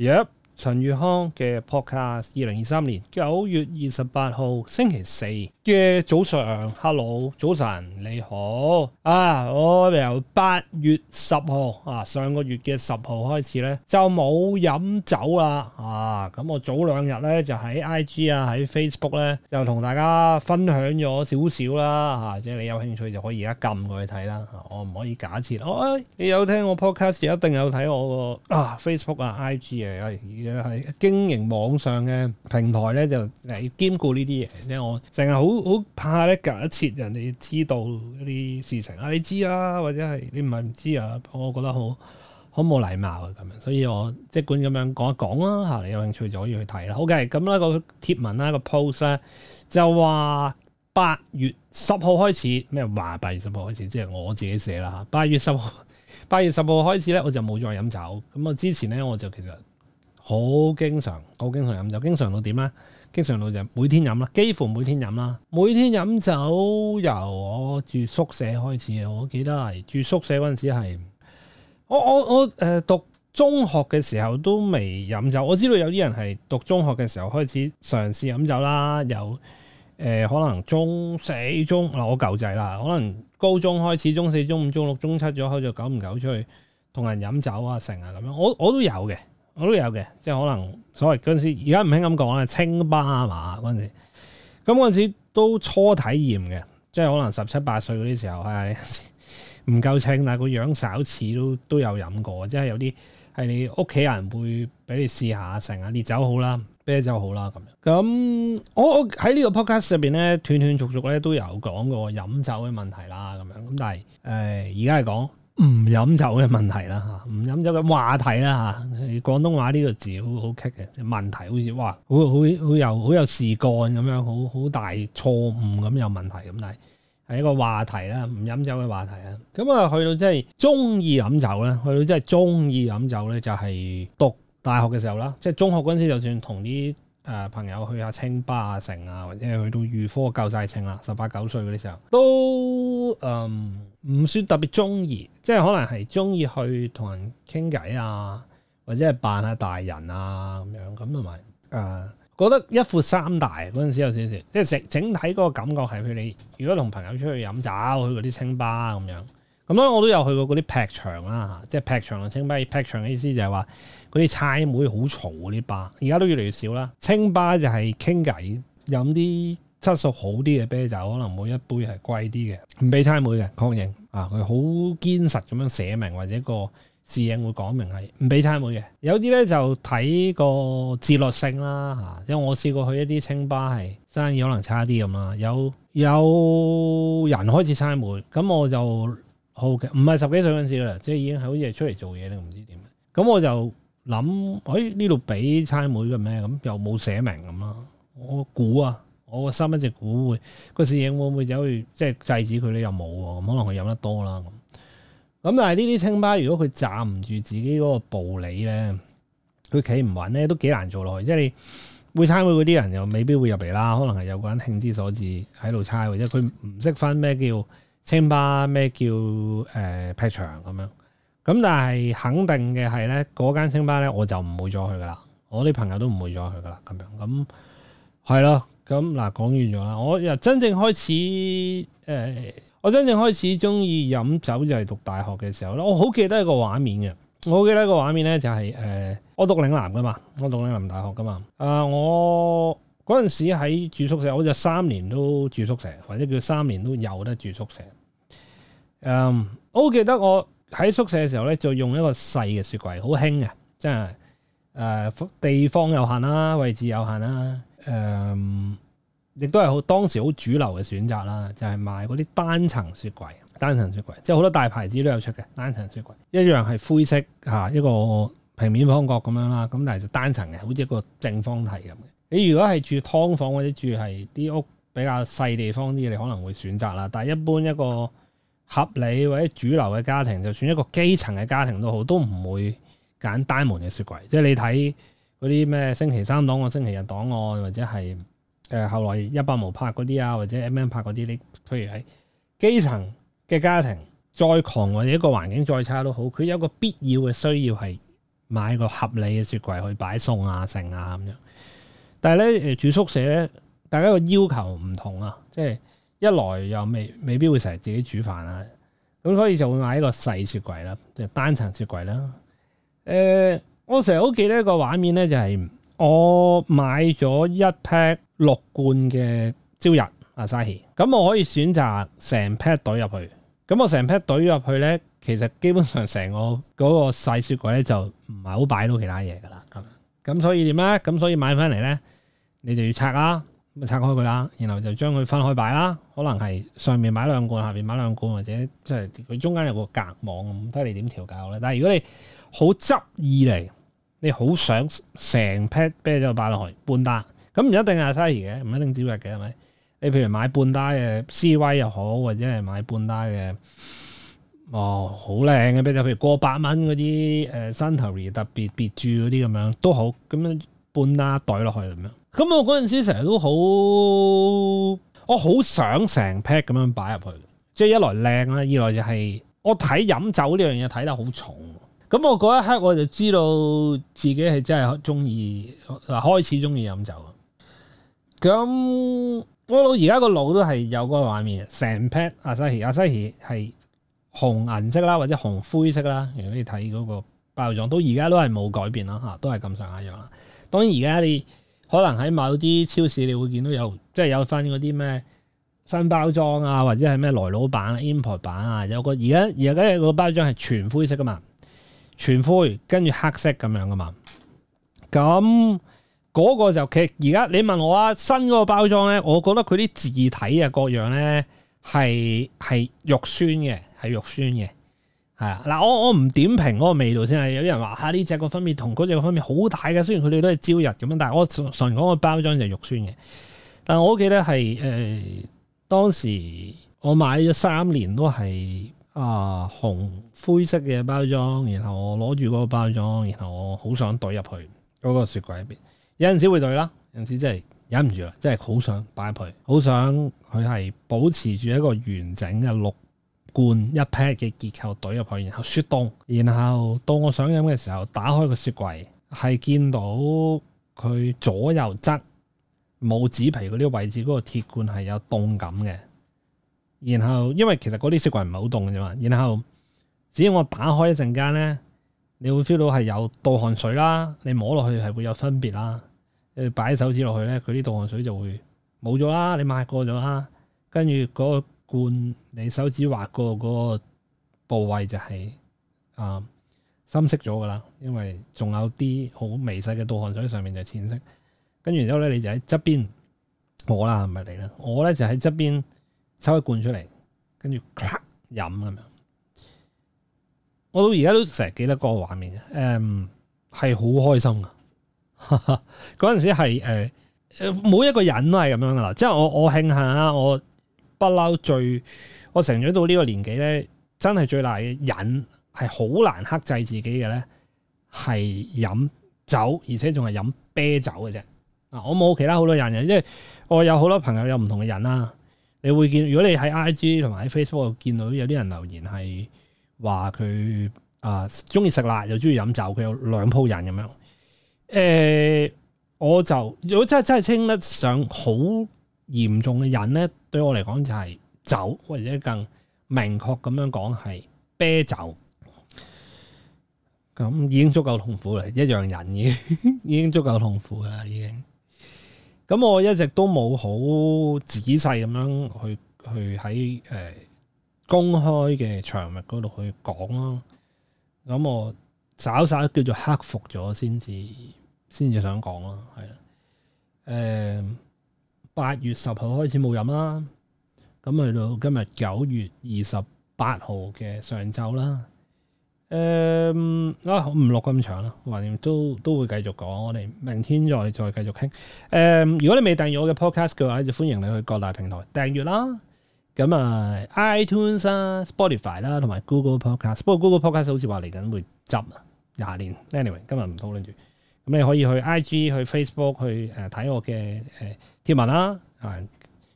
Yep，陳宇康嘅 Podcast，二零二三年九月二十八號星期四嘅早上，hello，早晨，你好啊！我由八月十號啊，上個月嘅十號開始咧，就冇飲酒啦啊！咁我早兩日咧就喺 IG 啊，喺 Facebook 咧就同大家分享咗少少啦吓、啊，即係你有興趣就可以而家撳過去睇啦。我唔可以假設，我、哎、你有聽我 podcast，一定有睇我個啊 Facebook 啊 IG 啊，係而係經營網上嘅平台咧，就誒要兼顧呢啲嘢，即係我淨係好。好怕咧假設人哋知道一啲事情啊！你知啊，或者係你唔係唔知啊？我覺得好好冇禮貌啊，咁樣，所以我即管咁樣講一講啦吓，你有興趣就可以去睇啦。好、okay, 嘅，咁、那、咧個貼文啦個 post 咧就話八月十號開始咩話？八月十號開始即係我自己寫啦吓，八月十號八月十號開始咧我就冇再飲酒。咁啊之前咧我就其實。好經常，好經常飲酒，經常到點啊？經常到就每天飲啦，幾乎每天飲啦。每天飲酒由我住宿舍開始嘅，我記得係住宿舍嗰陣時係我我我誒、呃、讀中學嘅時候都未飲酒。我知道有啲人係讀中學嘅時候開始嘗試飲酒啦，有、呃、可能中四中我舊仔啦，可能高中開始，中四中、中五、中六、中七咗後就久唔久出去同人飲酒啊、成日咁樣。我我都有嘅。我都有嘅，即係可能所謂嗰陣時，而家唔興咁講啦，清巴嘛嗰陣時，咁嗰陣時都初體驗嘅，即係可能十七八歲嗰啲時候，係、哎、唔夠秤但啦，個樣稍似都都有飲過，即係有啲係你屋企人會俾你試下，成日烈酒好啦，啤酒好啦咁。咁我喺呢個 podcast 入面咧，斷斷續續咧都有講過飲酒嘅問題啦，咁樣咁，但係而家係講。呃唔飲酒嘅問題啦嚇，唔飲酒嘅話題啦嚇。廣東話呢個字好好棘嘅，即係問題好似哇，好好好又好有事幹咁樣，好好大錯誤咁有問題咁，但係係一個話題啦，唔飲酒嘅話題啊。咁啊去到即係中意飲酒咧，去到即係中意飲酒咧，就係讀大學嘅時候啦，即係中學嗰陣時就算同啲。誒、呃、朋友去一下清吧啊、城啊，或者係去到預科夠晒清啦，十八九歲嗰啲時候都誒唔、嗯、算特別中意，即係可能係中意去同人傾偈啊，或者係扮下大人啊咁樣、就是，咁同埋誒覺得一闊三大嗰陣時有少少，即係整整體嗰個感覺係，譬如你如果同朋友出去飲酒去嗰啲清吧咁樣。咁樣我都有去過嗰啲劈場啦，即係劈場嘅清吧。劈場嘅意思就係話嗰啲差妹好嘈嗰啲吧。而家都越嚟越少啦。清吧就係傾偈，飲啲質素好啲嘅啤酒，可能每一杯係貴啲嘅，唔俾差妹嘅確認啊。佢好堅實咁樣寫明或者個侍應會講明係唔俾差妹嘅。有啲咧就睇個自律性啦吓，因為我試過去一啲清吧係生意可能差啲咁啦，有有人開始差妹，咁我就。唔、okay. 係十幾歲嗰陣時噶啦，即係已經係好似係出嚟做嘢咧，唔知點。咁我就諗，哎呢度俾差妹嘅咩？咁又冇寫明咁啦。我估啊，我個心一直估會個市影會唔會走去即係制止佢咧？又冇喎，咁可能佢飲得多啦。咁咁但係呢啲清吧，如果佢站唔住自己嗰個暴利咧，佢企唔穩咧，都幾難做落去。即係你會差妹嗰啲人又未必會入嚟啦，可能係有個人興之所至喺度猜。或者佢唔識分咩叫。清吧咩叫誒劈、呃、場咁樣，咁但係肯定嘅係咧，嗰間清吧咧我就唔會再去噶啦，我啲朋友都唔會再去噶啦，咁樣咁係咯，咁嗱講完咗啦，我又真正開始誒、呃，我真正開始中意飲酒就係、是、讀大學嘅時候，我好記得一個畫面嘅，我好記得一個畫面咧就係、是、誒、呃，我讀嶺南噶嘛，我讀嶺南大學噶嘛，啊、呃、我。嗰陣時喺住宿舍，好似三年都住宿舍，或者叫三年都有得住宿舍。嗯、um，我記得我喺宿舍嘅時候咧，就用一個細嘅雪櫃，好輕嘅，即係誒地方有限啦，位置有限啦。誒、嗯，亦都係好當時好主流嘅選擇啦，就係、是、買嗰啲單層雪櫃。單層雪櫃即係好多大牌子都有出嘅單層雪櫃，一樣係灰色嚇，一個平面方角咁樣啦。咁但係就單層嘅，好似一個正方體咁嘅。你如果係住劏房或者住係啲屋比較細地方啲，你可能會選擇啦。但一般一個合理或者主流嘅家庭，就算一個基層嘅家庭都好，都唔會揀單門嘅雪櫃。即係你睇嗰啲咩星期三檔案、星期日檔案，或者係誒後來一百毛拍嗰啲啊，或者 M M 拍嗰啲，你譬如喺基層嘅家庭，再窮或者一個環境再差都好，佢有個必要嘅需要係買個合理嘅雪櫃去擺餸啊、成啊咁。但係咧，誒住宿舍咧，大家個要求唔同啊，即係一來又未未必會成日自己煮飯啊，咁所以就會買一個細雪櫃啦，即係單層雪櫃啦。誒、呃，我成日好記得一個畫面咧，就係、是、我買咗一 pack 六罐嘅朝日啊沙，沙士，咁我可以選擇成 pack 隊入去，咁我成 pack 隊入去咧，其實基本上成個嗰個細雪櫃咧就唔係好擺到其他嘢噶啦。咁所以點咩？咁所以買翻嚟咧，你就要拆啦，咁拆開佢啦，然後就將佢分開擺啦。可能係上面買兩罐，下面買兩罐，或者即係佢中間有個隔網咁，睇你點調教咧。但係如果你好執意嚟，你好想成 pad 啤你就擺落去半打，咁唔一定係嘥嘅，唔一定只腳嘅係咪？你譬如買半打嘅 CV 又好，或者係買半打嘅。哦，好靚嘅，比如譬如過百蚊嗰啲誒山頭葉特別別注嗰啲咁樣都好，咁樣半啦袋落去咁樣。咁我嗰陣時成日都好，我好想成 pad 咁樣擺入去，即係一來靚啦，二來就係、是、我睇飲酒呢樣嘢睇得好重。咁我嗰一刻我就知道自己係真係中意嗱，開始中意飲酒。咁我到而家個腦都係有個畫面，成 pad 阿西奇阿西奇係。紅銀色啦，或者紅灰色啦，如果你睇嗰個包裝，到而家都係冇改變啦嚇，都係咁上下樣啦。當然而家你可能喺某啲超市，你會見到有即係、就是、有返嗰啲咩新包裝啊，或者係咩來老版、import 版啊。有個而家而家嘅個包裝係全灰色噶嘛，全灰跟住黑色咁樣噶嘛。咁嗰、那個就其實而家你問我啊，新嗰個包裝咧，我覺得佢啲字體啊各樣咧係係肉酸嘅。係肉酸嘅，係啊嗱，我我唔點評嗰個味道先啊，有啲人話吓呢隻個分別同嗰隻個分別好大嘅，雖然佢哋都係朝日咁樣，但係我純純講個包裝就係肉酸嘅。但係我記得係誒、呃，當時我買咗三年都係啊紅灰色嘅包裝，然後我攞住嗰個包裝，然後我好想懟入去嗰個雪櫃入邊。有陣時會懟啦，有陣時真係忍唔住啦，真係好想擺入去，好想佢係保持住一個完整嘅碌。罐一 pat 嘅結構懟入去，然後雪凍，然後到我想飲嘅時候，打開個雪櫃，係見到佢左右側冇紙皮嗰啲位置，嗰個鐵罐係有凍感嘅。然後因為其實嗰啲雪櫃唔係好凍嘅啫嘛。然後只要我打開一陣間咧，你會 feel 到係有倒汗水啦。你摸落去係會有分別啦。誒，擺手指落去咧，佢啲倒汗水就會冇咗啦。你買過咗啦，跟住嗰個罐你手指劃過嗰，那個部位就係、是、啊，深色咗噶啦，因為仲有啲好微細嘅倒汗水上面就淺色，跟住之後咧，你就喺側邊我啦，唔係你啦，我咧就喺側邊抽一罐出嚟，跟住飲咁樣。我到而家都成日記得個畫面嘅，誒係好開心噶，嗰 陣時係誒、呃、每一個人都係咁樣噶啦，即係我我慶幸啊我。我不嬲，最我成長到呢個年紀咧，真係最難嘅癮係好難克制自己嘅咧，係飲酒，而且仲係飲啤酒嘅啫。啊，我冇其他好多人嘅，因為我有好多朋友有唔同嘅人啦。你會見如果你喺 I G 同埋喺 Facebook 見到有啲人留言係話佢啊中意食辣又中意飲酒，佢有兩鋪癮咁樣。誒、呃，我就如果真係真係稱得上好嚴重嘅癮咧。對我嚟講就係酒，或者更明確咁樣講係啤酒，咁已經足夠痛苦啦。一樣人嘅，已經足夠痛苦啦。已經咁、嗯、我一直都冇好仔細咁樣去去喺誒、呃、公開嘅場合嗰度去講咯。咁、嗯、我稍稍叫做克服咗先至，先至想講咯，係、嗯、啦，誒。八月十號開始冇飲啦，咁去到今日九月二十八號嘅上晝啦，誒、嗯、啊唔錄咁長啦，都都會繼續講，我哋明天再再繼續傾。誒、嗯，如果你未訂閱我嘅 podcast 嘅話，就歡迎你去各大平台訂閱啦。咁啊，iTunes 啊、Spotify 啦、啊，同埋 Google Podcast。不過 Google Podcast 好似話嚟緊會執啊，廿年。Anyway，今日唔討論住。你可以去 IG、去 Facebook 去、去誒睇我嘅貼文啦、啊啊？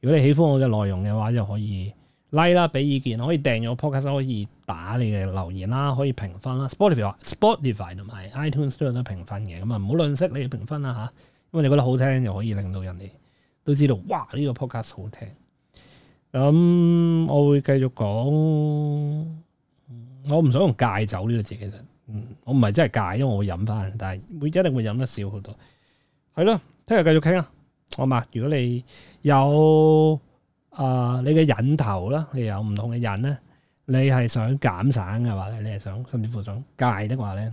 如果你喜歡我嘅內容嘅話，就可以 like 啦，俾意見，可以訂咗 podcast，可以打你嘅留言啦，可以評分啦、啊。Spotify、Spotify 同埋 iTunes 都有得評分嘅，咁啊唔好吝惜你嘅評分啦、啊、吓，因為你覺得好聽，就可以令到人哋都知道哇呢、呢個 podcast 好聽。咁、嗯、我會繼續講，我唔想用戒酒呢個字其實。我唔係真係戒，因為我會飲翻，但係會一定會飲得少好多。係咯，聽日繼續傾啊，好嘛？如果你有啊、呃，你嘅引頭啦，你有唔同嘅人咧，你係想減省嘅話咧，你係想甚至乎想戒的話咧，誒、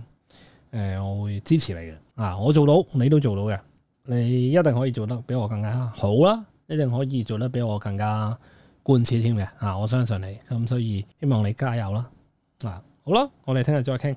呃，我會支持你嘅。啊，我做到，你都做到嘅，你一定可以做得比我更加好啦，一定可以做得比我更加貫徹添嘅。我相信你，咁所以希望你加油啦、啊。好啦，我哋聽日再傾。